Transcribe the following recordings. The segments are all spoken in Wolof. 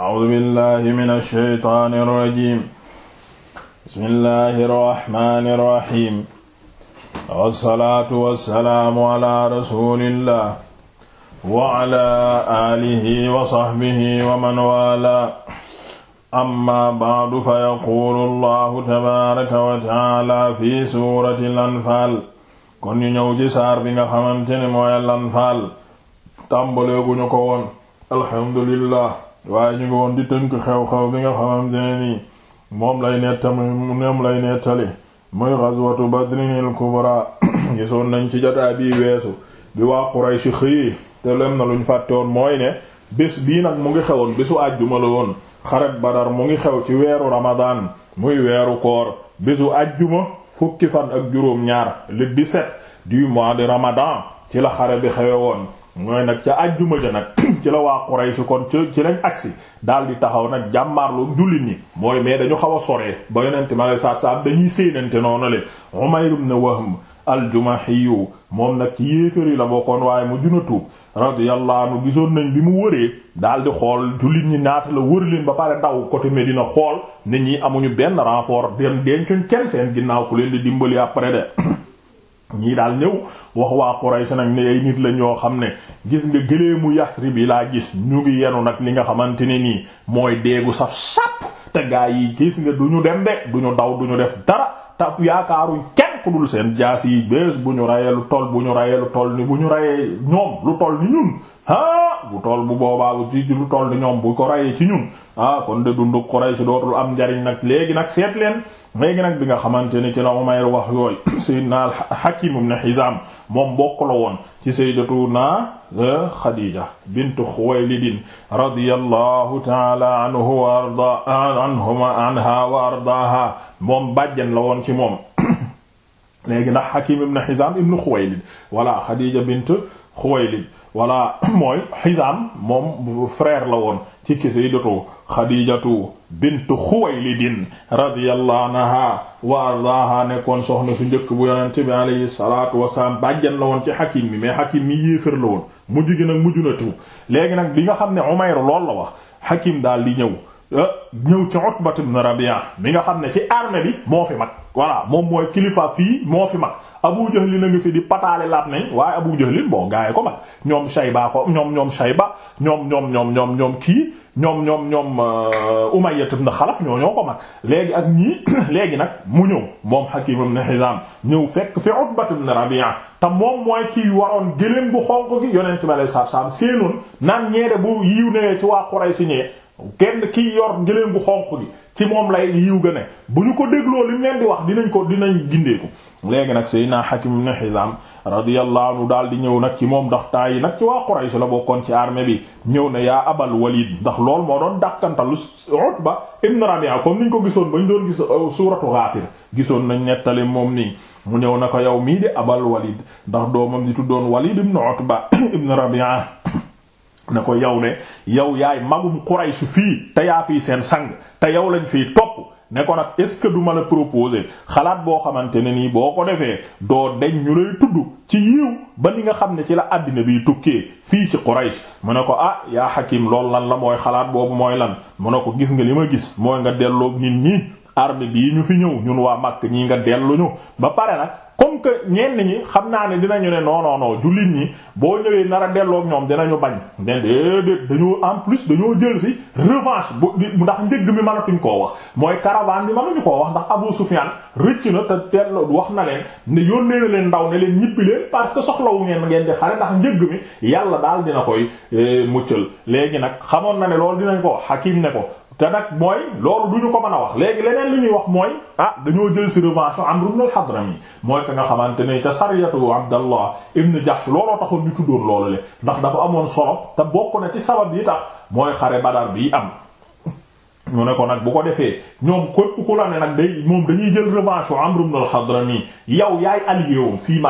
a'uuzu billahi min alsheytaani irrajim bismillahi irrahmani irrahim wassalaatu wassalaamu ala rasulillah wa ala aalihi wa sahbihi wa man waalaa amma ba'du fa yaquulu allahu tabaaraka wa taala fi suurati al-anfaal kon ñu ñëw ci saar bi nga xamante ne mooy al-anfaal tàmbaleeguñu ko woon alhamdulillah waaye ñu ngi woon di tënk xew-xew bi nga xamante ne nii moom lay nettali moom lay ba muy ghazwatu badrinil kubra gisoon nañ ci jotaay bii weesu bi waa Quraysh xëyee te lem na luñ fàtte woon mooy ne bés bii nag mu ngi xewoon bésu àjjuma la woon xaret badar mu ngi xew ci weeru ramadaan muy weeru koor bésu àjjuma fukki fan ak juróom ñaar le 17 du mois de ramadan ci la xare bi xewe woon mooy nag ca àjjuma ja nag ci la waa Quraysh kon ci ci lañ agsi daal di taxaw nag jàmmaarloog jullit ñi mooy mais dañu xaw a soree ba yonente ma lay saat saat dañuy séenante noonu le Umayr ibn Wahm al-Jumahiyu moom nag ci yéefér yi la bokkoon waaye mu juna tuub radiyallahu gisoon nañ bi mu wëree daal di xool jullit ñi naata la wër leen ba pare daw côté Medina xool nit ñi amuñu benn renfort dem dencuñ kenn seen ginnaaw ku leen di dimbali après de ñii daal ñëw wax waa Quraysh nag ne ay nit la ñoo xam ne gis nga gëleemu Yasrib bi laa gis ñu ngi yenu nag li nga xamante ne nii mooy deegu saf sap te yi gis nga du ñu dem de du ñu daw du ñu def dara te yaakaaruñ kenn ku dul seen jaas yi bés bu ñu rayee lu toll bu ñu rayee lu toll ni bu ñu rayee ñoom lu toll ni ñun ah bu tool bu boobaa bu ci lu tool ñoom bu ko rayee ci ñun ah kon de dundu Quraysh dootul am njariñ nag léegi nag seet leen léegi nag bi nga xamante ne ci la Umayr wax yooyu Seydina Hakim ibn Hizam moom bokk la woon ci Sayyidatuna euh, Khadija bint Khuwaylid radiyallahu ta'ala anhu wa arda anhuma anha wa ardaha moom bàjjen la woon ci moom léegi nag Hakim ibn Hizam ibn Khuwaylid wala Khadija bint Khuwaylid voilà mooy Hizaam moom frère la woon ci ki sayyidatu Xadiijatu bintu Xuwaylidin radiyallahu anha wa ardaaha nekkoon soxna su njëkk bu yonent bi alayhi salaatu wasalaam bàjjan la woon ci Hakim mi mais Hakim mi yéefér la woon mujj gi nag mujj na tu léegi nag bi nga xam ne Umayr lool la wax Hakim daal di ñëw eh, ñëw ci Utbat bi nga xam ne ci armée bi moo fi mag voilà moom mooy kilifa fii moo fi mag Abu Jahl na ngi fi di pataale laat nañ waaye Abu Jahl boo gars ko mag ñoom Shayba ko ñoom ñoom Shayba ñoom ñoom ñoom ñoom ñoom kii ñoom ñoom ñoom euh, Umayya ibn Xalaf ñoo ñoo ko mag léegi ak ñii léegi nag mu ñëw moom Hakim ibn Hizam ñëw fekk fi Utba ibn Rabi'a te moom mooy kii waroon gëléem bu xonq gi yonent bi sallallahu alayhi wasallam séenoon naan ñeede bu yiw newee ci waa Quraysh ñee kenn kii yor gëléem bu xonq gi ci moom lay yiw ga ne bu ñu ko dégloo li mu leen di wax dinañ ko dinañ gindeeku léegi nag Seydina Hakim ibn Hizam radiyallahu anhu daal di ñëw nag ci moom ndax taa yi nag ci waa Quraysh la bokkoon ci armée bi ñëw ne yaa Abal Walid ndax lool moo doon dàkkantalu Utba ibn Rabi'a comme niñ ko gisoon ba ñu doon gis euh, suuratu Ghafir gisoon nañ nettali moom nii mu ñëw na ko yow mii di Abal Walid ndax doomam di tuddoon Walid ibn Utba ibn Rabi'a ne ko yow ne yow yaay magum Quraysh fii te yaa fii seen sang te yow lañ fii topp ne ko nag est-ce que du la proposer xalaat boo xamante ne nii boo ko defee doo deñ ñu lay tudd ci yiw ba ni nga xam ne ci la àddina bi tukkee fii ci Quraysh mu ne ko ah yaa Hakim lool lan la mooy xalaat boobu mooy lan mu ne ko gis nga li ma gis mooy nga delloo nit ñi armée bii ñu fi ñëw ñun waa Makka ñii nga delluñu ba pare nag comme que ñenn ñi xam naa ne dinañu ne non non non jullit ñi boo ñëwee nar a delloo ñoom dinañu bañ ne déedéet dañoo en plus dañoo jël si revanche bu ndax njëgg mi mënatuñ koo wax mooy caravane bi mënuñu koo wax ndax Abu Sufyan rëcc na te teel wax na leen ne yónnee na leen ndaw ne leen ñibbi leen parce que soxlawu ngeen ngeen di xare ndax njëgg mi yàlla daal dina koy eh, muccal léegi nag xamoon na ne loolu dinañ ko wax Hakim ne ko te mooy loolu du ñu ko mën a wax léegi leneen li ñuy wax mooy ah dañoo jël ci revanche Amr ibn al-Hadrami mooy ka nga xamante ne ca sariyatu Abdallah ibn Jahsh looloo taxoon ñu tuddoon loolu le ndax dafa amoon solo te bokk na ci sabab yi tax mooy xare Badar bii am mu ne ko nag bu ko defee ñoom képp ku la ne moom dañuy jël revanche u Amr ibn al yow yaay allié woom fii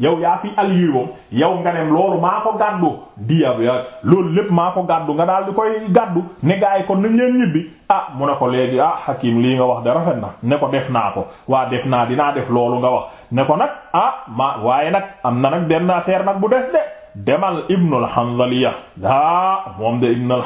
yow yaa fi allié woom yow nga nem loolu maa ko gàddu diyab loolu lépp maa ko gàddu nga daal di koy gàddu ne kon nañ leen ñibbi ah mu ne ko léegi ah Hakim lii nga wax de rafet ne ko def naa ko waa def naa dinaa def loolu nga wax ne ko nag ah ma waaye nag am na nag benn affaire nag bu des de demal Ibn al-Hanzaliya daa ah, moom de Ibn al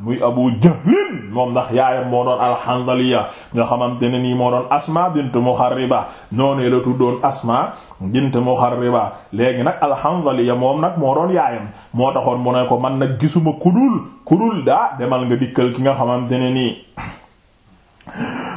muy abu jahlin moom ndax yaayam moo doon alxandaliya nga xamante ne nii moo doon asma bint muxarriba noonu la tuddoon asma bint muxarriba léegi nag alxandaliya moom nag moo doon yaayam moo taxoon mu ne ko man nag gisuma kudul kudul daa demal nga dikkal ki nga xamante ne nii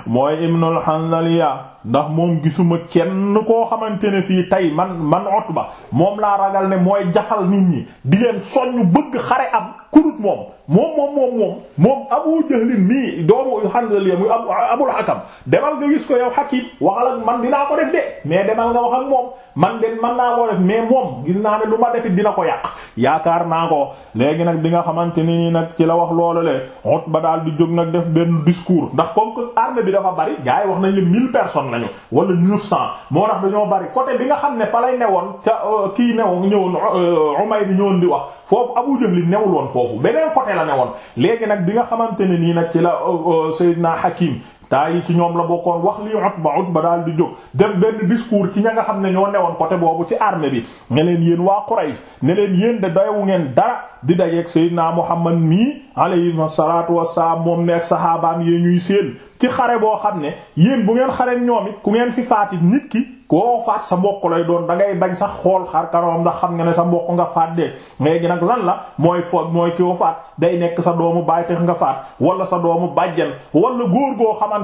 mooy ibnul xandaliya ndax moom gisuma kenn koo xamante ne fii tey man man Utba moom laa ragal ne mooy jaxal nit ñi di leen soññ bëgg xare am kurut moom moom moom moom moom moom Abu Jahlin mii doomu Hanzaliya muy Abul Hakam demal nga gis ko yow Hakim wax ak man dinaa ko def de mais demal nga wax ak moom man den man naa ko def mais moom gis naa ne lu ma defit dina ko yàq yaakaar naa ko léegi nag bi nga xamante ne nii nag ci la wax loolu le Utba daal di jóg nag def benn discours ndax comme que bi dafa bari gars wax nañ le mille wala neuf cent moo tax dañoo bari côté bi nga xam ne fa lay newoon ca euh, kii newoon ñëwoon euh, Umayr bi ñëwoon di wax foofu Abu Jahl newul woon foofu beneen a la newoon léegi nag bi nga xamante ne nii nag ci la euh, Seydina Hakim taa ci ñoom la bokkoon wax li Utba Utba daal di jóg def benn discours ci ña nga xam ne ñoo newoon côté boobu ci armée bi ne leen yéen waa Quraysh ne leen yéen de doywu ngeen dara di dajeeg Seydina Muhammad mii alayhi salaatu wassalaam moom ne ak saxaabaam yee ñuy séen ci xare boo xam ne yéen bu ngeen xaree ñoom it ku ngeen fi faati nit ki. koo faat sa mbokk lay doon da ngay bañ sax xool xar kanamam ndax xam nga ne sa mbokk nga faat dee léegi nag lan la mooy foog mooy koo faat day nekk sa doomu baay tax nga faat wala sa doomu bàjjen wala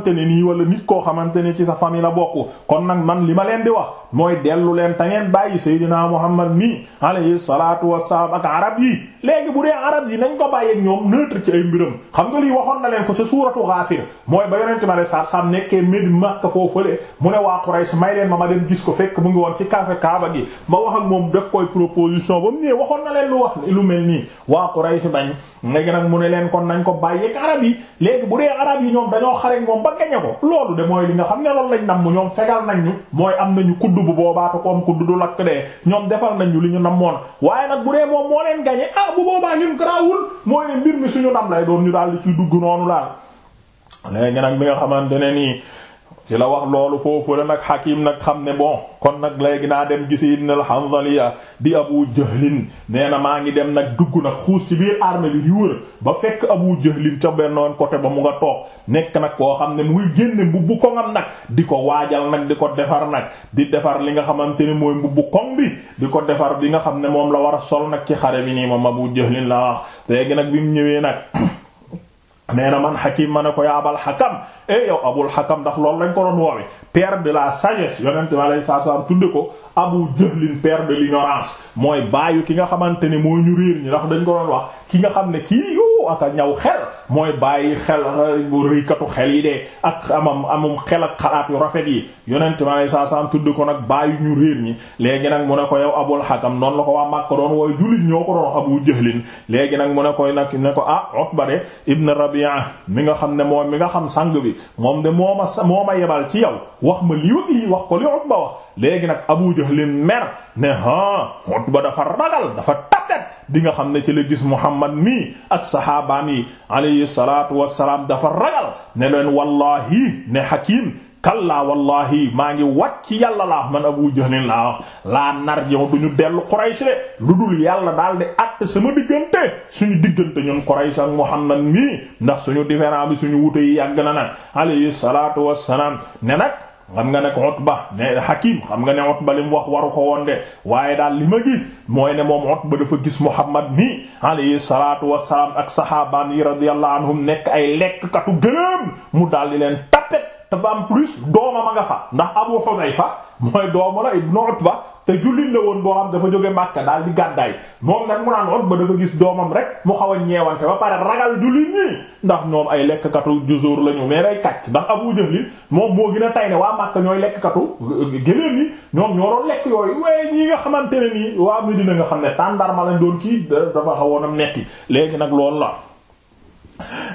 ne nii wala nit koo xamante ne ci sa famille la bokk kon nag man li ma leen di wax mooy dellu leen te ngeen bàyyi Seydina Muhammad nii alayhi salaatu wassalaam ak arab yi léegi bu dee arab yi nañ ko bàyyeeg ñoom neutre ci ay mbiram xam nga lii waxoon na leen ko ca suuratu Ghaafir mooy ba yonente ma le sa sam nekkee Médine Makka foofu fële mu ne waa Quraysh may leen ma dem gis ko fekk mu ngi woon ci café kaaba gi ma wax ak moom def koy proposition ba mu ñëwee waxoon na leen lu wax lu mel nii waa Quraysh bañ léegi nag mu ne leen kon ko bàyyi ak arab yi léegi bu dee arab yi ñoom dañoo xare ba gañe ko li nga xam ne loolu lañ nam mu ñoom fegal nañ ñu mooy am nañu kudd bu boobaa te ko am kudd du lakk dee ñoom defal nañ ñu li ñu namoon waaye nag bu dee moom moo leen gañe ah bu boobaa ñun garaawul mooy ne mbir mi suñu nam lay doon ñu daal di ciy dugg noonu daal léegi nag bi nga xamante ne nii ci la wax loolu foofu la nag Hakim nag xam ne bon kon nag léegi naa dem gisi Ibn al-Hanzaliya di Abu Jahlin nee na maa ngi dem nag dugg nag xuus ci biir armée bi di wër ba fekk Abu Jahlin ca bennoon côté ba mu nga toog nekk nag koo xam ne mu muy génne mbubbu koŋam nag di ko waajal nag di ko defar nag di defar li nga xamante ni mooy mbubbu koŋ bi di ko defar bi nga xam ne moom la war a sol nag ci xare bi nii moom Abu Jahlin la wax léegi nag bi mu ñëwee nag nee na man xakim ma ne ko yaa abal xakam eh yow abul xakam ndax loolu lañ ko doon woowe père de la sagesse yonent bi alayhi salaatu salaam tudde ko abu jahlin père de l'ignorance mooy baayu ki nga xamante ne moo ñu réer ñi ndax dañ ko doon wax ki nga xam ne kii yoo aka ñaw xel mooy bàyyi xel euh, bu rëykatu xel yi de ak amam amum xel ak xalaat yu rafet yi yonent ma lay saa saam tudd ko nag bàyyi ñu réer ñi léegi nag mu ne ko yow abul hakam noonu la ko waa Makka doon wooy jullit ñoo ko doon abu jëhlin léegi nag mu ne koy nag ne ko ah Utba de ibn Rabi'a mi nga xam ne moom mi nga xam sang bi moom de moo ma moo ma yebal ci yow wax ma lii ak lii wax ko li Utba wax léegi nag abu jëhlin mer ne ha Utba dafa Muhammad nii ak saxaabaam yi alayhi salaatu wassalaam dafa ragal ne leen wallahi ne hakim kalla wallahi maa ngi wàcc yàlla laa man abu jahlin laa wax laa nar yow du ñu dellu Quraysh de lu dul yàlla daal di àtt sama diggante suñu diggante ñun Quraysh ak Muhammad mii ndax suñu différent bi suñu wute yi yàgg na nag alayhi salaatu wassalaam ne nag xam nga ne ko Utba ne Hakim xam nga ne Utba li mu wax waru ko woon de waaye daal li ma gis mooy ne moom Utba dafa gis Muhammad nii alayhi salaatu wassalaam ak sahaabaan yi radiyallahu anhum nekk ay lekkkatu gëléem mu daal di leen tapet te ba am plus doomam a nga fa ndax Abu Hudayfa mooy doomu la ibnu Utba te jullit la woon boo xam dafa jóge Makka daal di gàddaay moom nag mu naan Utba dafa gis doomam rek mu xaw a ñeewante ba pare ragal jullit ñi ndax ñoom ay lekkatu jusóor la ñu mais day kàcc ndax Abu Jahl moom moo gën a tay ne waa Makka ñooy lekkatu euh, géléen yi ñoom ñoo doon lekk yooyu waaye ñi nga xamante ne nii waa Medina nga xam ne tàndarma lañ doon kii dafa xawoon am netti léegi nag loolu la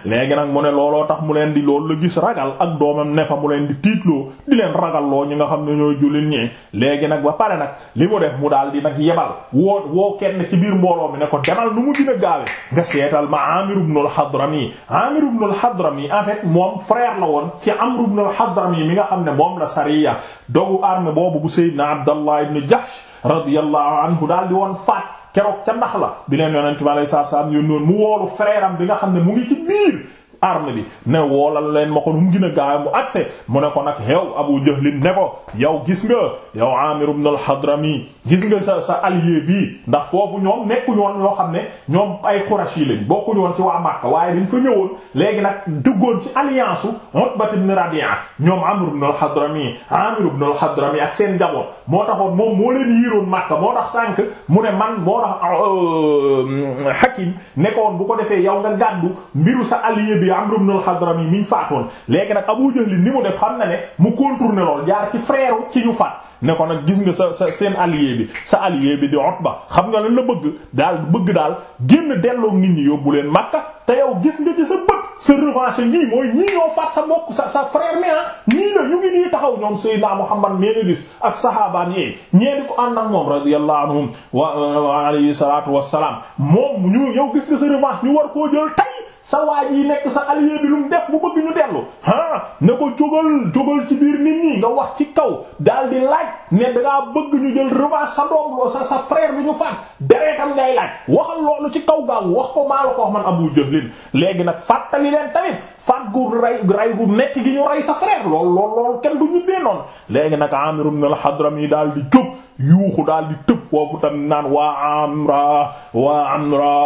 léegi nag mu ne looloo tax mu leen di lool la gis ragal ak doomam ne fa mu leen di tiitloo di leen ragal loo ñi nga xam ne ñoo jullit ñi léegi nag ba pare nag li mu def mu daal di nag yebal woo woo kenn ci biir mbooloo mi ne ko demal nu mu gën a gaawe nga seetal ma Amir ibn al-Hadrami Amir ibn en fait moom frère la woon ci Amr ibn al-Hadrami mi nga xam ne moom la sariya dogu armée boobu bu Sayyidna Abdallah ibn Jahsh radiyallahu anhu daal di woon faat keroog ca ndax la bi leen yonent bi alayhi salaatu salaam yónnoon mu woolu frère am bi nga xam ne mu ngi ci biir arme bi ne woolal leen ma ko nu mu a gaaw mu accès mu ne ko nag yow Abu Jahlin ne ko yow gis nga yow Amir ibn al-Hadrami gis nga sa sa allié bi ndax foofu ñoom nekku ñoon yoo xam ne ñoom ay Qurashi lañ bokku ñoon ci waa Makka waaye dañ fa ñëwoon léegi nag duggoon ci alliance u Utba ibn Rabi'a ñoom Amr ibn al-Hadrami Amir ibn al ak seen njaboot moo taxoon moom moo leen yiiroon Makka moo tax sànk mu ne man moo tax euh, Hakim nekkoon bu ko defee yow nga gàddu mbiru sa allié bi di Amr ibn al-Hadrami miñ faatoon léegi nag Abu Jahl ni mu def xam na ne mu contourner lool jaar ci frère ci ñu faat ne ko nag gis nga sa sa seen allié bi sa allié bi di Utba xam nga lan la bëgg daal bëgg daal génn delloog nit ñi yóbbu leen Makka te yow gis nga ci sa bët sa revanche ñii mooy ñii ñoo sa mbokk sa sa frère mais ah ñii la ñu ngi nii taxaw ñoom Seydina Muhammad mee nga gis ak sahaabaan yi ñee di ko ànd ak moom radiyallahu anhum wa alayhi wa wassalam moom ñu yow gis nga sa revanche ñu war koo jël tay sa waa yi nekk sa allié bi lu mu def bu bëgg ñu dellu ah ne ko jógal jógal ci biir nit ñi nga wax ci kaw daal di laaj ne dangaa bëgg ñu jël revanche sa doom loo sa sa frère bi ñu faat deretam ngay laaj waxal loolu ci kaw gaaw wax ko maa la ko man Abu Jahlin léegi nag fàttali leen tamit faat gu rey rey gu metti gi ñu rey sa frère lool lool lool kenn du ñu dee noonu léegi nag Amir ibn al-Hadrami daal di jóg yuuxu daal di tëb foofu tamit naan waa amra waa amra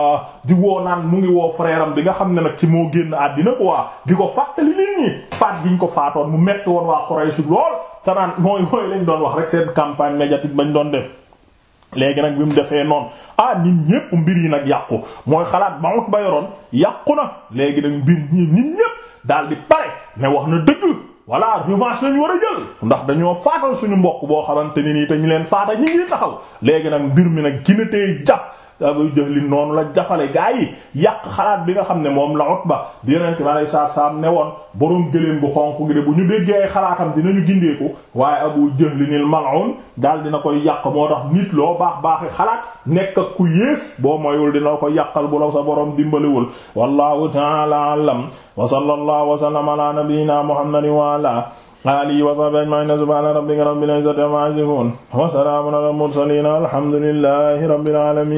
di woo naan mu ngi woo frère am bi nga xam ne nag ci moo génn àddina quoi di ko fàttali nit ñi faat gi ko faatoon mu metti woon waa Quraysh lool te naan mooy mooy lañ doon wax rek seen campagne médiatique bañ doon def léegi nag bi mu defee noonu ah nit ñépp mbir yi nag yàqu mooy xalaat ba ut ba yoroon yàqu na léegi nag mbir ñi nit ñépp daal di pare ne wax na dëgg voilà revanche lañu war a jël ndax dañoo faatal suñu mbokk boo xamante ni nii te ñu leen faata ñi ngi taxaw léegi nag mbir mi nag gina tey jaf Abu Jahl noonu la jafale gaa yi yàq xalaat bi nga xam ne moom la Utba bi yonent bi alayhi salaatu salaam ne woon borom gëléem bu xonq gi bu ñu déggee ay xalaatam dinañu gindeeku waaye Abu Jahl nil mal'un daal dina koy yàq moo tax nit loo baax baaxi xalaat nekk ak ku yées boo moyul dina ko yàqal bu la sa borom dimbaliwul wallahu ta'ala a'lam wa sallallahu wa sallama ala nabiyyina muhammadin wa ala alihi wa sahbihi ajma'in izzati amma wa salamun ala mursalin alhamdulillahi rabbil alamin